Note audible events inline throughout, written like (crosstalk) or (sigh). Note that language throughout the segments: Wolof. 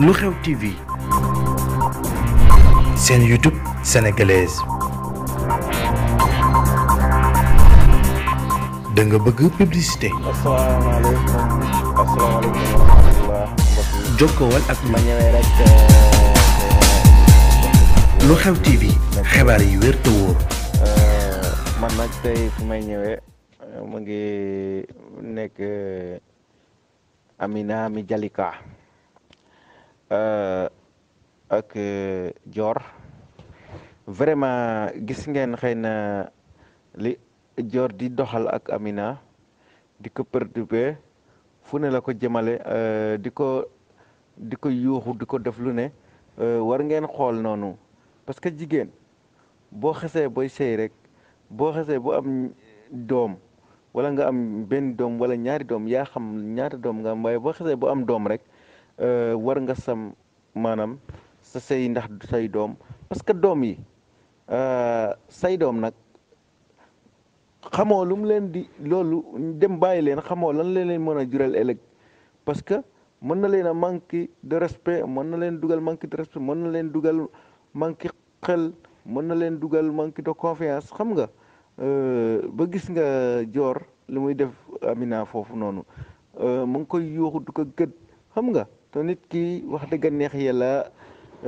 lu xew TV seen YouTube sénégalaise da nga bëgg publicité. asalaamaaleykum asalaamaaleykum ak ma ñëwee rek. Euh, euh, lu xew TV xibaar yi wér te euh, man nag tey fu may ñëwee mu ngi nekk Amina mi Jalika. Euh, ak joor euh, vraiment gis ngeen xëy na li joor di doxal ak Amina di ko perturbé fu ne la ko jëmale euh, di ko di ko yuuxu di ko def lu ne war ngeen xool noonu parce que jigéen boo xesee booy sëy rek boo xesee bu am doom wala nga am benn doom wala ñaari doom yaa xam ñaata doom nga am waaye boo xesee bu am doom rek Euh, war nga sam maanaam sa sey ndax say doom parce que doom yi euh, say doom nag xamoo lu mu leen di loolu dem bàyyi leen xamoo lan leen mën a jural ëllëg parce que mën na leen a manque de respect mën na leen dugal manque de respect mën na leen dugal manque xel mën na leen dugal manque de confiance xam nga euh, ba gis nga joor li muy def Amina foofu noonu mu ngi koy yuuxu du ko gëd xam nga te nit ki wax dëgg neex yàlla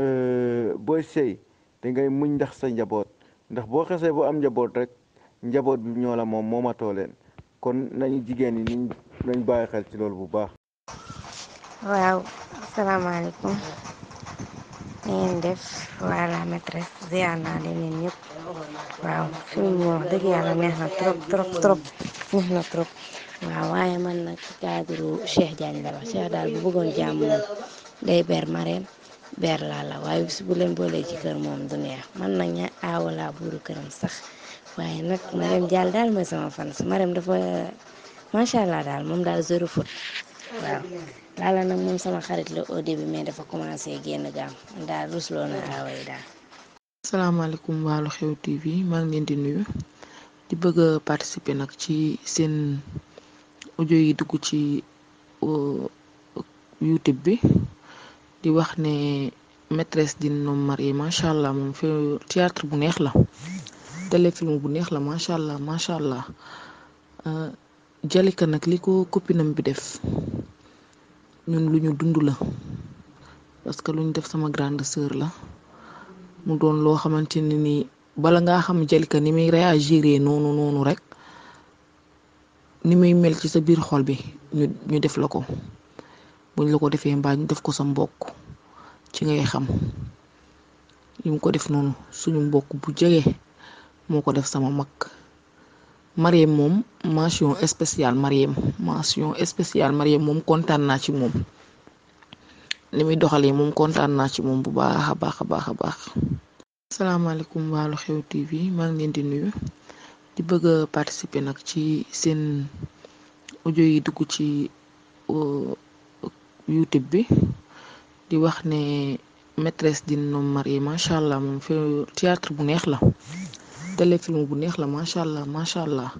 euh, booy sëy dangay muñ ndax sa njaboot ndax boo xesee boo am njaboot rek njaboot bi ñoo la moom moomatoo leen kon nañu jigéen ñi nañ nañ bàyyi xel ci loolu bu baax. waaw asalaamaaleykum. na ngeen def waa la maîtresse ziar leen ñëpp waaw film wax dëgg yàlla neex na trop trop trop. waaw waaye man na cadre Cheikh Diagne la wax Cheikh daal bu bëggoon jàmm moom day ber mareem ber laa la waaye bis bu leen boolee ci kër moom du neex man nag ña aawa laa buuru këram sax waaye nag mareem jàll daal mooy sama fan mareem dafa macha allah daal moom daal zéro foot nag moom sama xarit la au début mais dafa commencé génn gaam daal rusloo na aawa yi daal. asalaamaaleykum waa Lu Xew TV maa ngi leen di nuyu di bëgg a participer nag ci seen audio yi dugg ci youtube bi di wax ne maîtresse d'un homme marié macha allah moom fi théâtre bu neex la téléfilm bu neex la macha allah macha allah euh, Jalika nag li ko copinam bi def ñun lu ñu dund la parce que lu ñu def sama grande sœur la mu doon loo xamante ne ni bala ngaa xam Jalika ni muy réagir noonu noonu rek. ni muy mel ci sa biir xool bi ñu def la ko buñ la ko defee mbaa ñu def ko sa mbokk ci ngay xam li mu ko def noonu suñu mbokk bu jege moo ko def sama mag Mariem moom mention spéciale Mariem mention spéciale Mariem moom kontaan naa ci moom li muy doxalee moom kontaan naa ci moom bu baax a baax a baax a baax. asalaamaaleykum wàllu xew TV maa ngi leen di nuyu. di bëgg a participer nag ci seen audio yi dugg ci euh, youtube bi di wax ne maîtresse di homme marié macha allah moom fi théâtre bu neex la téléfilm bu neex la macha allah macha allah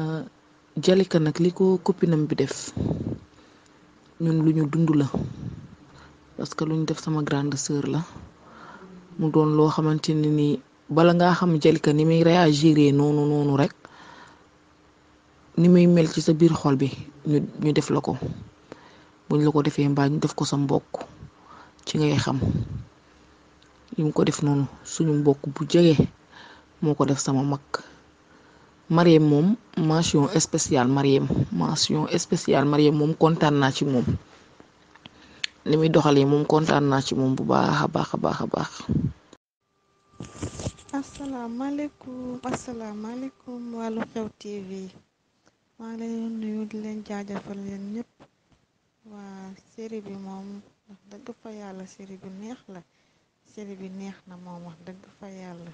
euh, Jalika nag li ko copinam bi def ñun lu ñu dund la parce que lu ñu def sama grande sœur la mu doon loo xamante ne bala ngaa xam Jalika ni muy réagir noonu noonu rek ni muy mel ci sa biir xol bi ñu def la ko ñu la ko defee mbaa def ko sa mbokk ci ngay xam li mu ko def noonu suñu mbokk bu jege moo ko def sama mag Mariem moom mention spéciale Mariem mention spéciale Mariem moom kontaan naa ci moom ni muy doxalee moom kontaan naa ci moom bu baax baax a baax a baax. asalaamaaleykum asalaamaaleykum waa Lu Xew TV maa ngi leen nuyu leen jaajëfal leen ñëpp waa série moom wax dëgg fa yàlla série bi neex la série bi neex na moom wax dëgg fa yàlla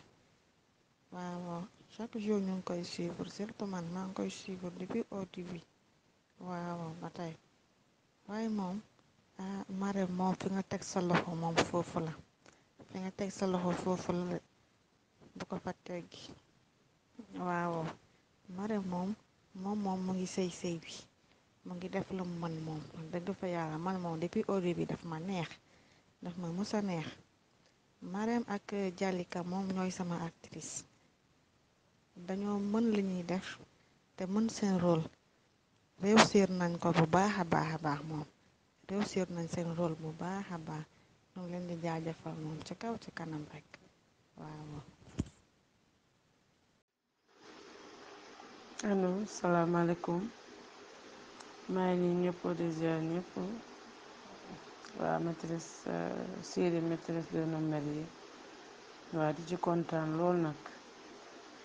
waaw chaque jour ñu ngi koy suivre surtout man maa ngi koy suivre depuis au début waaw ba tey waaye moom ah Marème moom fi nga teg sa loxo moom foofu la fi nga teg sa loxo foofu la. bu ko fa teggi waaw mare moom moom moom mu ngi sëy sëy bi mu ngi def lu mu mën moom dëgg fa yàlla man moom depuis au début bi dafa ma neex daf ma musa neex mareem ak Jalika moom ñooy sama actrice dañoo mën li ñuy def te mën seen rôle réussir nañ ko bu baax a baax a baax moom réussir nañ seen rôle bu baax a baax ñu leen di jaajëfal moom ci kaw ci kanam rek waaw allo salaamaaleykum maa ngi ni ñëpp di ziar ñëpp waa maîtresse euh, série maîtresse d'un homme marié waa di ci kontaan lool nag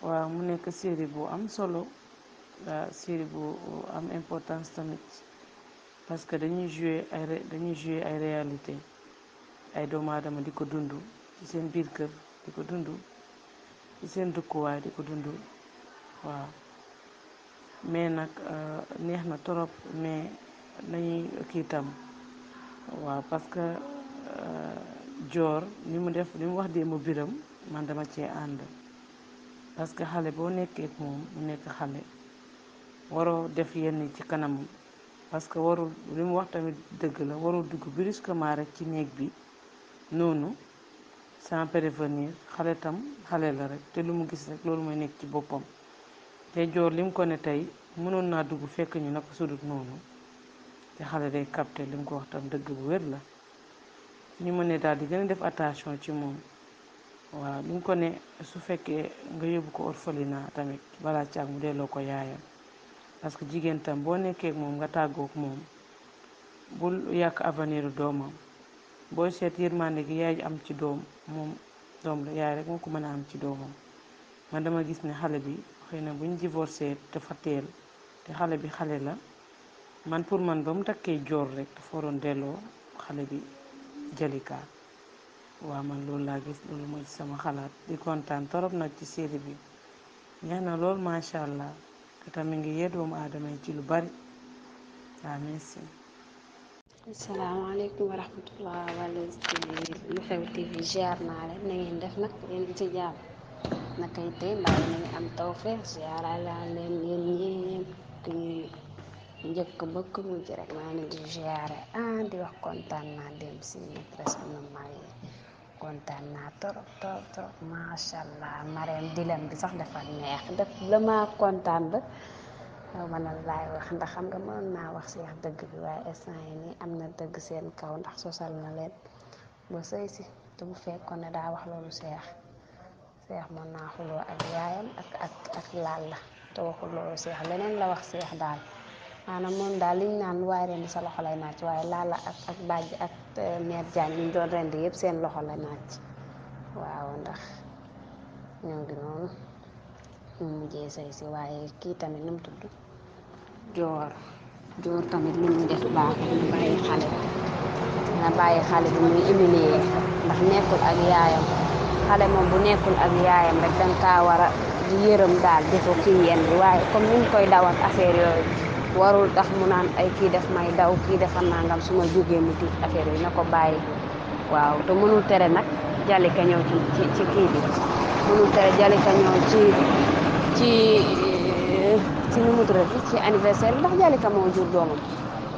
waaw mu nekk série bu am solo waa série bu am importance tamit parce que dañuy jouer ay dañuy jouer ay réalité ay doomu aadama di ko dund ci seen biir kër di ko dund ci seen dëkkuwaay di ko dund waaw mais nag euh, neex na trop mais nañuy kii tam waaw parce que joor euh, ni mu def ni mu wax dee mu biram man dama cee ànd parce que xale boo nekkee ak moom mu nekk xale waroo def yenn ci kanamam parce que warul li mu wax tamit dëgg la warul dugg brusquement rek ci néeg bi noonu sans prévenir xale tam xale la rek te lu mu gis rek loolu mooy nekk ci boppam ndey joor lim ko ne tey mënoon naa dugg fekk ñu naka sudut noonu te xale day capté lim ko wax tam dëgg bu wér la ñu mën ne daal di gën a def attention ci moom waaw lim ko ne su fekkee nga yóbbu ko orphelinat tamit balaa caag mu delloo ko yaayam parce que jigéen tam boo nekkee moom nga tàggook moom bul yàq avenir doomam booy seet yërmande gi yaay am ci doom moom doom la yaay rek moo ko mën a am ci doomam man dama gis ne xale bi xëy na buñ divorcé dafa teel te xale bi xale la man pour man ba mu takkee joor rek dafa waroon delloo xale bi Jalika waaw man loolu laa gis loolu mooy sama xalaat di kontaan torop nag ci série bi neex na lool macha allah te tamit ngi yee doomu aadama yi ci lu bari waaw merci. asalaamaaleykum wa rahmatulah wala Lu Xew TV ziar naa leen na def nag yéen ci jàmm. nakay tey mbaa yéen a ngi am tawfeex ziaral leen yéen ñëpp ñu njëkk ba ku mujj rek maa ngi di ziare ah di wax kontaan naa dem si maîtresse bu nu marié kontaan naa trop trop trop macha allah Marème dilem bi sax dafa neex def la maa kontaan ba xaw ma nan laay wax ndax xam nga mënoon naa wax si wax dëgg bi waaye instant yi nii am na dëgg seen kaw ndax sosal na leen ba sëy si te bu fekkoon ne daa wax loolu seex. seex mën naa xuloo ak yaayam ak laal la te waxul loolu seex leneen la wax seex daal maanaam moom daal liñ naan waaye rendi sa loxo lay naaj waaye laal la ak ak ak e, meer jaan liñ doon rendi yëpp seen loxo la naaj waaw ndax ñoo ngi noonu ñu mujjee say si waaye kii tamit nu mu tudd joor joor tamit li mu def baaxul na bàyyi xale na bàyyi xale muy humilier ndax nekkul ak yaayam xale moom bu nekkul ak yaayam rek dañ kaa war a yërëm daal di ko kii yenn bi waaye comme ni koy daw ak affaire yooyu warul tax mu naan ay kii def may daw kii dafa nangam su ma jógee mu tiit affaire yi na ko bàyyi waaw te mënul tere nag Jalika ñëw ci ci kii bi mënul tere Jalika ñëw ci ci nu mu tuddati ci anniversaire bi ndax Jalika moo jur doomam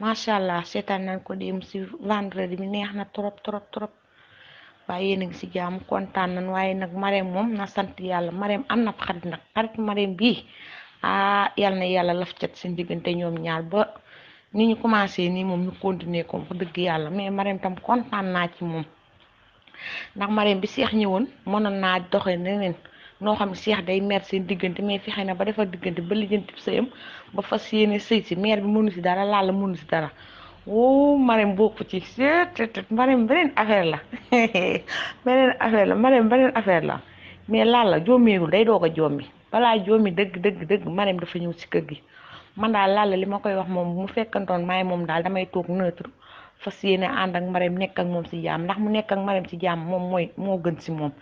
macha allah seetaan nañ ko dem si vendredi mi neex na trop trop trop waaye yéen a ngi si jaamu kontaan nañ waaye nag Marème moom na sant yàlla Marème am na xarit nag xarit Marème bii ah yàlla na yàlla laf cat seen diggante ñoom ñaar ba ni ñu commencé nii moom ñu continuer ko wax dëgg yàlla mais Marème tam kontaan naa ci moom ndax Marème bi seex ñëwoon mënoon naa doxee neneen noo xam ne seex day mer seen diggante mais fexe na ba defar diggante ba lijjanti sëyam ba fas yéene sëy si meer bi mënu si dara laal la mënu si dara woo Marème bokku ci seet Marème beneen affaire la (laughs) beneen affaire la Marème beneen affaire la mais laal la joomeegul day doog a joomi balaa joomi dëgg dëgg dëgg Marème dafa ñëw si kër gi man daal laal li ma koy wax moom mu fekkantoon maay moom daal damay toog neutre fas yéene ànd ak Marème nekk ak moom si jàmm ndax mu nekk ak Marème si moom mooy moo gën si moom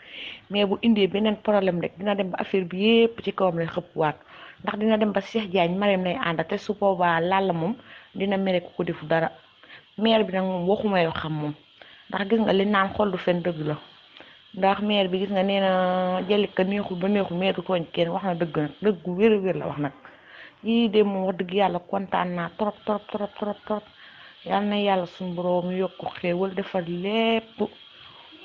mais bu indee beneen problème rek dina dem ba affaire bi yépp ci kawam lay xëppuwaat ndax dina dem ba Cheikh Diagne Marème lay ànd te su boobaa Lalla moom dina mere ku ko defu dara maire bi nag moom waxuma yoo xam moom ndax gis nga li naan xol du fen dëgg la ndax maire bi gis nga nee na Jalika neexul ba neexul maire du tooñ kenn wax na dëgg nag dëgg wér la wax nag kontaan yal na yàlla suñu boroom yokku xéewal defar lépp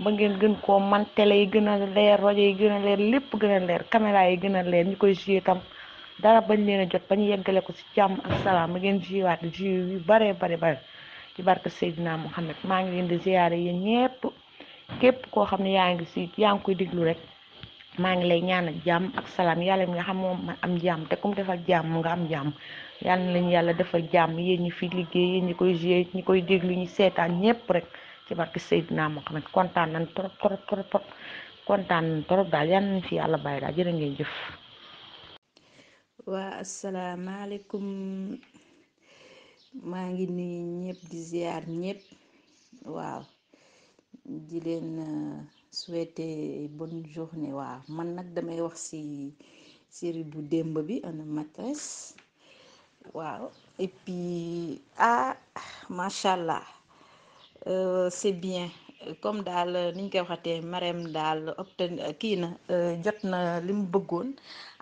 ba ngeen gën koo man télé yi gën a leer rajo yi gën a leer lépp gën a leer caméra yi gën a leer ñu koy joué tam dara bañ leen a jot bañ yeggale ko ci jàmm ak salaam ba ngeen jiwaat ji yu bare bare bare ci barke Seydina Muhammad maa ngi leen di ziyaare yéen ñépp képp koo xam ne yaa ngi si yaa ngi koy diglu rek maa ngi lay ñaanal jàmm ak salaam yàlla mi nga xam moom man am jàmm te comme defal jàmm nga am jàmm yàlla na lañu yàlla defal jàmm yéen ñi fi liggéey yéen ñi koy joué ñi koy déglu ñu seetaan ñëpp rek ci barke Seydina Mohamed kontaan nañ trop trop trop trop kontaan nañ trop daal yàlla nañ fi yàlla bàyyi daal jërë ngeen jëf. waa asalaamaaleykum maa ngi nuyu ñëpp di ziar waaw di souhaiter bonne journée waaw man nag damay wax ci série bu démb bi ana maîtresse waaw et puis ah, euh, bien comme daal ni koy waxatee Marème daal kii na euh, jot na li bëggoon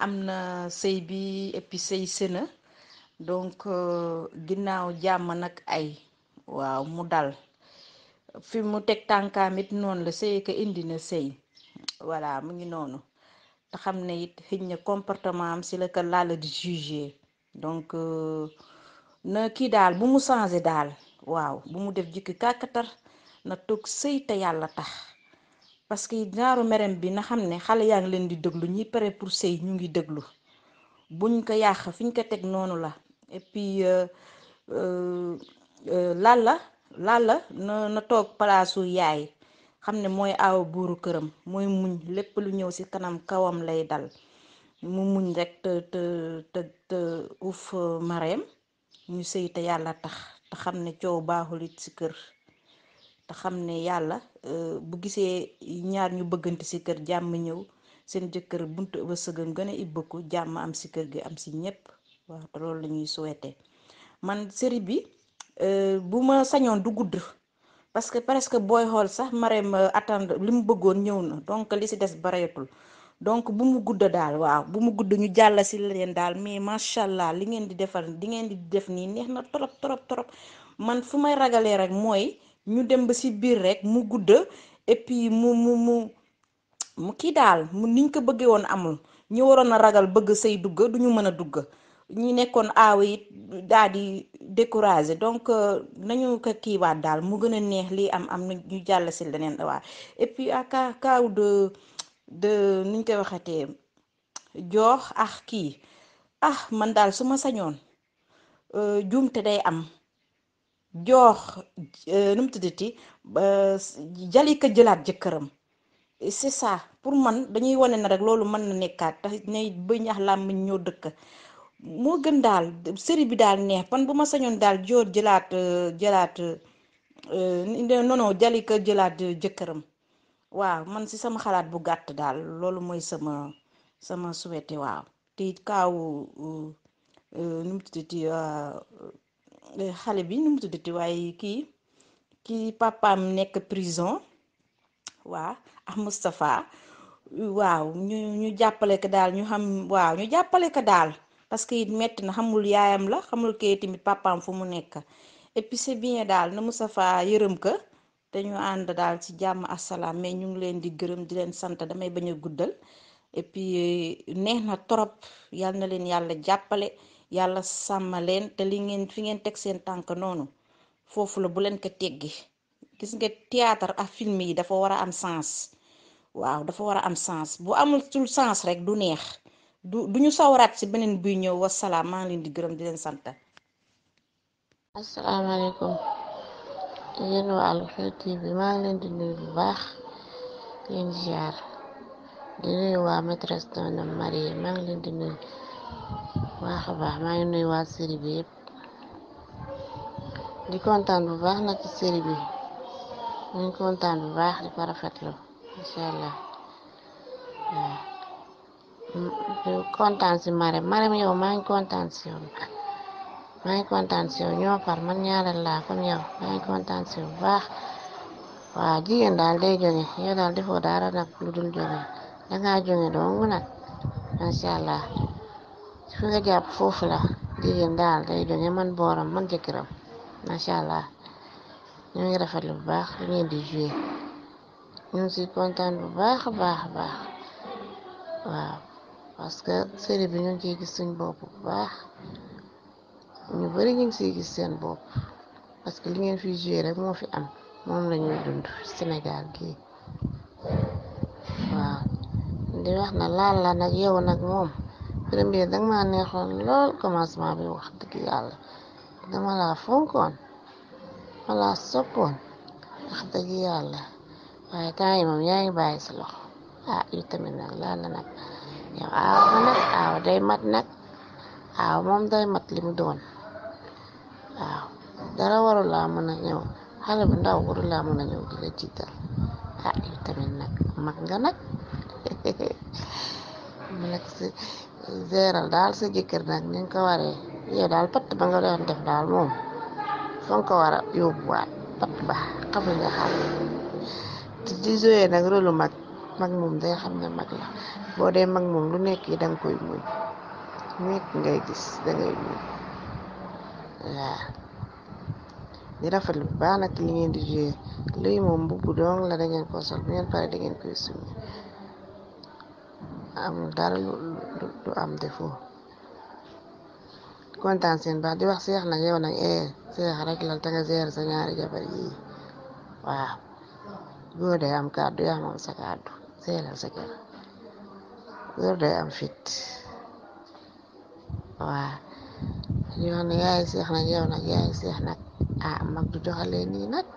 am na sëy bi et puis sëy sëna donc euh, ginnaaw jàmm nag ay waaw mu dal. fi mu teg tànkaam it noonu la sëy ka indi na sëy voilà mu ngi noonu te xam ne it xëy na comportement am si la ko laala di juger donc euh, na kii daal bu mu changé daal waaw bu mu def jikki kàkkatar na toog sëy te yàlla tax parce que naaru merem bi na xam ne xale yaa ngi leen di déglu ñi pare pour sëy ñu ngi déglu buñ ko yàq fiñ ko teg noonu la et puis euh, euh, lalla Lalla na na toog palaasu yaay xam ne mooy aaw buuru këram mooy muñ lépp lu ñëw ci kanam kawam lay dal mu muñ rek te te te te uh, mareem ñu sëy yàlla tax te xam ne coow baaxul it ci kër te xam ne yàlla uh, bu gisee ñaar ñu bëggante ci kër jàmm ñëw seen jëkkër buntu ba sëgam gën a ibbeeku jàmm am ci kër gi am ci ñépp waaw te loolu la ñuy man série bi. Euh, bu ma sañoon du gudd parce que presque booy xool sax ma euh, attendre li mu bëggoon ñëw na donc li si des bareetul donc bu mu gudd daal waaw bu mu gudd ñu jàll si leen daal mais macha allah li ngeen di defar di ngeen di def nii neex na trop trop trop man fu may ragalee rek mooy ñu dem ba si biir rek mu gudd et puis mu mu mu kii daal mu niñ ko bëggee woon amul ñu waroon a ragal bëgg say dugg du ñu mën a dugg. ñi nekkoon aaw it daal di découragé donc euh, nañu ko kiiwaat daal mu gën a neex lii am am na ñu jàll si leneen waa et puis à kaw de de nuñ koy joox ah kii ah man daal su ma sañoon euh, juumte day am joox euh, nu mu tuddati jalika jëlaat jëkkëram c'est ça pour man dañuy wone na rek loolu mën na nekkaat tax nay bëñax làmmiñ ñoo dëkk moo gën daal série bi daal neex pan bu ma sañoon daal joor jëlaat euh, jëlaat euh, non non Jalika jëlaat euh, jëkkëram waaw man si sama xalaat bu gàtt daal loolu mooy sama sama souhaité waaw te it kaaw nu mu tuddati bi nu mu waaye kii kii papaam nekk prison waaw ak Moustapha waaw ñu ñu jàppale ko daal ñu xam waaw ñu jàppale ko daal parce que it metti na xamul yaayam la xamul kay tamit papaam fu mu nekk et puis bien daal na faa yërëm ka te ñu ànd daal ci jàmm asalaam mais ñu ngi leen di gërëm di leen sant damay bañ a guddal et euh, neex na trop yal na leen yàlla jàppale yàlla sàmm leen te li ngeen fi ngeen teg seen tànk noonu foofu la bu leen ko teggi gis nga théâtre ak film yi dafa war a am sens waaw dafa war a am sens bu amul tul sens rek du neex. du du ñu sawaraat si beneen buy ñëw wasalaam maa ngi leen di gërëm di leen sant. asalaamaaleykum yéen waa Lu Xew bi maa ngi leen di nuyu bu baax leen ziar di nuyu waa maîtresse d'un maa ngi leen di nuyu maa ngi nuyu waa série bi yëpp di kontaan bu baax nag ci série bi ñu kontaan bu baax di ko rafetlu incha allah kontaan si Marème Marème yow maa ngi kontaan maa ngi kontaan si yow ñoo par man ñaareel laa comme yow maa ngi kontaan bu baax waaw jigéen daal day jóge yow daal defoo dara nag lu dul jóge dangaa jóge dong nag macha allah fi nga jàpp foofu la jigéen daal day jóge man booram man jëkkëram macha allah ñu ngi rafetlu bu baax li di joué ñu si kontaan bu baax baax baax waaw. parce que série bi ñu ngi ciy gis suñ bopp bu baax ñu bari ñu ngi ciy gis seen bopp parce que li ngeen fi joué rek moo fi am moom la ñuy dund Sénégal gii waaw di wax na laal la nag yow nag moom premier danga ma neexoon lool commencement bi wax dëgg yàlla dama laa fonkoon ma laa soppoon wax dëgg yàlla waaye temps yaa ngi bàyyi si loxo ah yu tamit nag laal la nag yow aaw ma nag aaw mat nag aaw moom day mat lim doon dara waru laa na a ñëw xale bu ndaw waru laa na a ñëw di la jiital nag mag nga nag mu nag si daal sa jëkkër nag ni ko waree yow daal patt ba nga def daal moom foo ko war a yóbbuwaat patt ba xam nga xale te di nag rôle mag mag moom day xam ne mag la boo dee mag moom lu nekk yi danga koy muñ lu nekk ngay gis dangay muñ waaw di rafetlu bu baax nag li ngeen di jouer luy moom mbubb dong la dangeen ko sol bu ngeen pare dangeen koy summi am dara lu am defoo kontaan seen baax di wax seex na yow na ee eh, seex rek la te nga gérer sa ñaari jabar yi waaw boo am kàddu yaa moom sa seelal sa kër góor day am fit waa ñu wax ne yaay seex nag yow nag yaay seex nag ah mag du doxale nii nag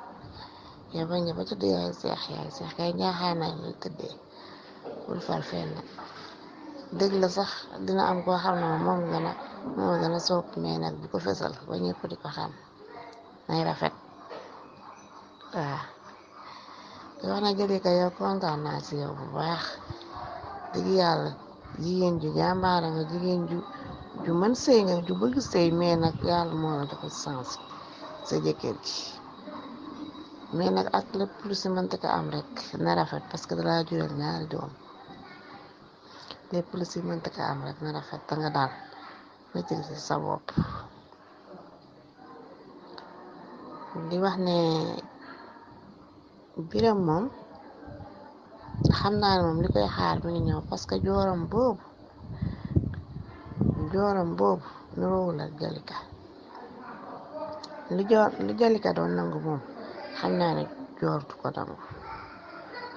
yow bañ ba tëdd yaay seex yaay seex kay ñaaxaan nañ la tëddee bul far fenn dëgg la sax dina am koo xam ne moom gën a moom a sopp mais nag bu ko fesal ba ñëpp di ko xam nay rafet waaw di wax na jëli ka yow kontaan naa si yow bu baax dëgg yàlla jigéen ju jàmbaara jigéen ju ju mën sëy nga ju bëgg sëy mais nag yàlla moo la dafa sa jëkkër ji mais nag ak lépp lu si mënta ko am rek na rafet parce que dalaa jural ñaari doom lépp lu si mënta ko am rek na rafet da nga daal maîtriser sa bopp di wax ne biram moom xam naa ne moom li koy xaar mi ngi ñëw parce que joorom boobu joorom boobu nuroowul jalika li jalika doon nangu moom xam naa ne joor du ko nangu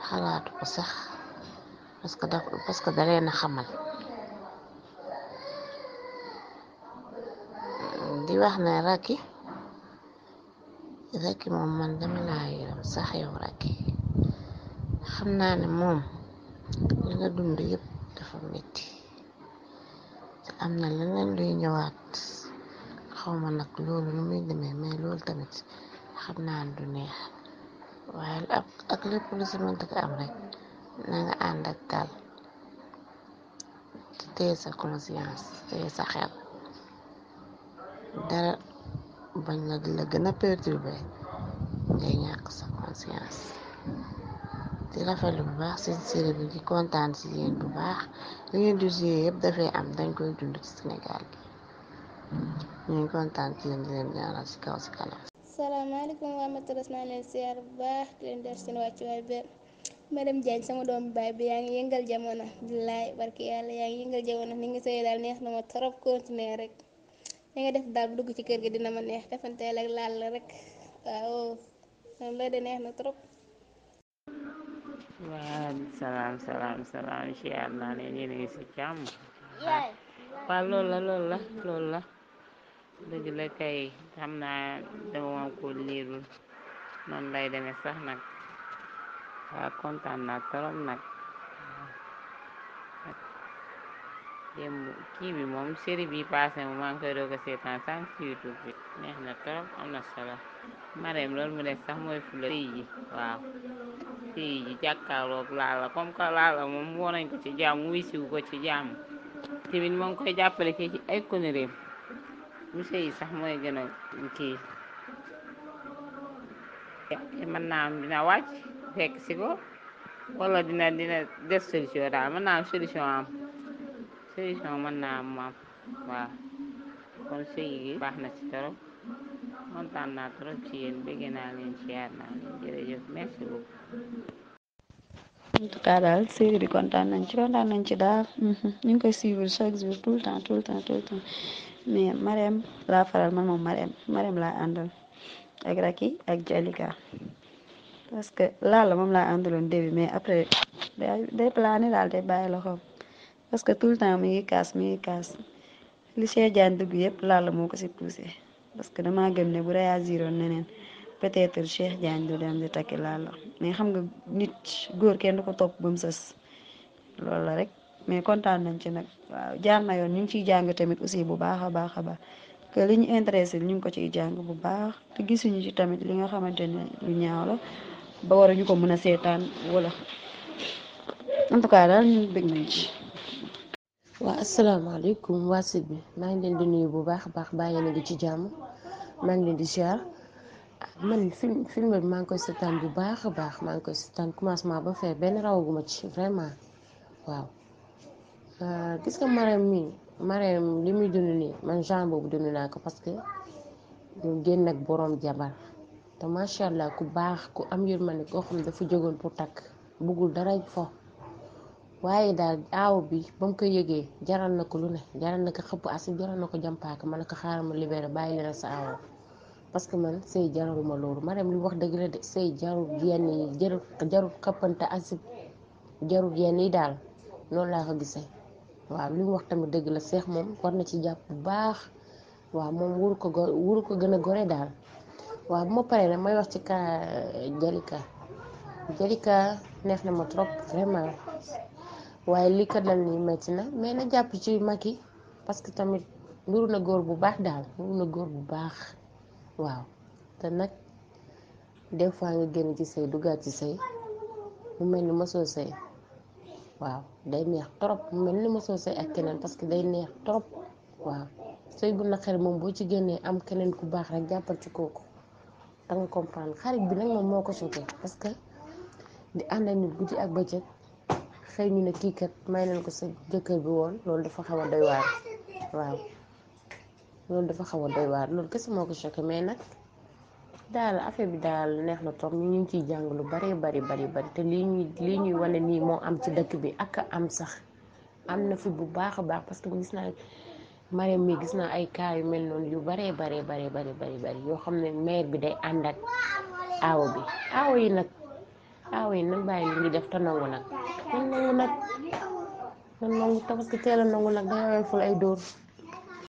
xalaatu ko sax parce da leen xamal di wax ne rakki rekk moom man dama laa yërëm sax yow xam naa ne moom li dund yëpp dafa metti te am na leneen luy ñëwaat xawma nag loolu lu muy demee mais loolu tamit xam naa ne du neex waaye ak lépp lu si mënta ko am rekk na nga ànd te sa conscience téye sa dara bañ la di la gën a perturbé ngay ñàkk sa conscience di rafetlu bu baax seen série bi di kontaan si yéen bu baax li ngeen di joué yëpp dafay am dañ koy dund ci Sénégal gi ñu ngi kontaan ci yéen di leen ñaanal si kaw si kanam. salaamaaleykum wa rahmatulah maa ngi leen siyaar bu baax leen def seen wàccuwaay bi madame Diagne sama doom baay bi yaa ngi yëngal jamono billaay barki yàlla yaa ngi yëngal jamono ni ngi sëy daal neex na ma trop continuer rek. li nga ci kër gi dina ma neex defanteel ak la rek waaw moom la de la loolu la loolu kay xam naa dama woon ko liirul noonu lay demee sax nag waaw kontaan naa trop nag. démb kii bi moom série bi passé moom maa ngi doog a seetaan sànq ci YouTube bi na trop am na solo Marème loolu mu def sax mooy fula sëy ji waaw sëy ji jàkkaarloog Lalla comme que Lalla moom woo nañ ko ci jàmm wuy siwu ko ci jàmm tamit moo ngi koy jàppale ci ay konéréem mu sëy yi sax mooy gën a kii eh, mën naa dina wàcc fekk ko wala dina dina def solution daal mën naa solution am solution mën naa am maam waaw kon sëy gi baax na ci torop kontaan naa torop ci yéen bëgg naa leen daal sëy di kontaan nañ ci kontaan nañ ci daal mhm. ñu ngi koy suivre chaque jour tout le temps tout le temps tout le temps mais Marème laa faral man moom Marème Marème laa àndal ak Raki ak Jalika parce que laala moom laa àndaloon début mais après day day daal day bàyyi loxoom parce que tout le temps mi ngi kaas mi ngi kaas li Cheikh Diagne dugg yëpp Lalla moo ko si poussé parce que damaa gëm ne bu réagiroon neneen peut-être Cheikh Diagne du dem di laal la mais xam nga nit góor kenn du ko topp ba mu sës loolu la rek mais kontaan nañ ci nag waaw jaar na yoon ñu ngi ciy jàng tamit aussi bu baax a baax a baax que li ñu intéressé ñu ngi ko ciy jàng bu baax te gisuñu ci tamit li nga xamante ne lu ñaaw la ba war ñu ko mën a seetaan wala en tout cas daal ñun bëgg nañ ci. waa asalaamaaleykum waa sit bi maa ngi leen di nuyu bu baax baax bàyyi na ngi ci jàmm maa ngi leen di ziar man film film bi maa ngi koy seetaan bu baax a baax maa ngi koy seetaan commencement ba fee benn rawaguma ci vraiment waaw euh, gis nga Marème mi Marème li muy dund nii man genre boobu dund naa ko parce que ñu génn ak boroom jabar te macha allah ku baax ku am yërmande koo xam dafa jógoon pour takk buggul dara fo waaye daal aaw bi ba mu ko yëgee jaral na ko lu ne jaral na ko xëpp asi jaral na ko jàmpaaka man ne ko xaaral ma libéré bàyyi leen sa aaw parce que man sëy jaraluma loolu ma dem li wax dëgg la de sëy jarul yenn yi jarul yi daal noonu laa ko gisee waaw li wax tamit dëgg la seex moom war na ci jàpp bu baax waaw moom wuru ko gën a gore daal waaw bu ma paree nag may wax ci ka euh, Jalika Jalika neex na ma trop vraiment waaye lii kat lan nii métti na mais na jàpp ci Macky parce que tamit nuru na góor bu baax daal nuru na góor bu baax waaw te nag des fois nga génn ci sëy duggaat ci sëy mu mel ni mësoo sëy waaw day neex trop mu mel ni mësoo sëy ak keneen parce que day neex trop waaw sëy bu naqari moom boo ci génnee am keneen ku baax rek jàppal ci kooku da nga comprendre xarit bi nag moom moo ko sutee parce que di ànd ak nit guddi ak bëccëg xëy ñu ne kii kat may nañ ko sa jëkkër bi woon loolu dafa xaw a doy waar waaw loolu dafa xaw a doy waar loolu kese moo ko choqué mais nag daal affaire bi daal neex na trop ñu ngi ciy jàng lu bari bari bari bari te lii ñuy wane nii moo am ci dëkk bi ak am sax am na fi bu baax a baax parce que gis naa mi gis naa ay cas yu mel noonu yu baree baree baree bari bari bari yoo xam ne maire bi day ànd ak aawo bi aawo yi nag aawo yi nag bàyyi li ñuy def te nangu nag nan nangu nag nan nangu tax ku teel a nangu nag day woyofal ay dóor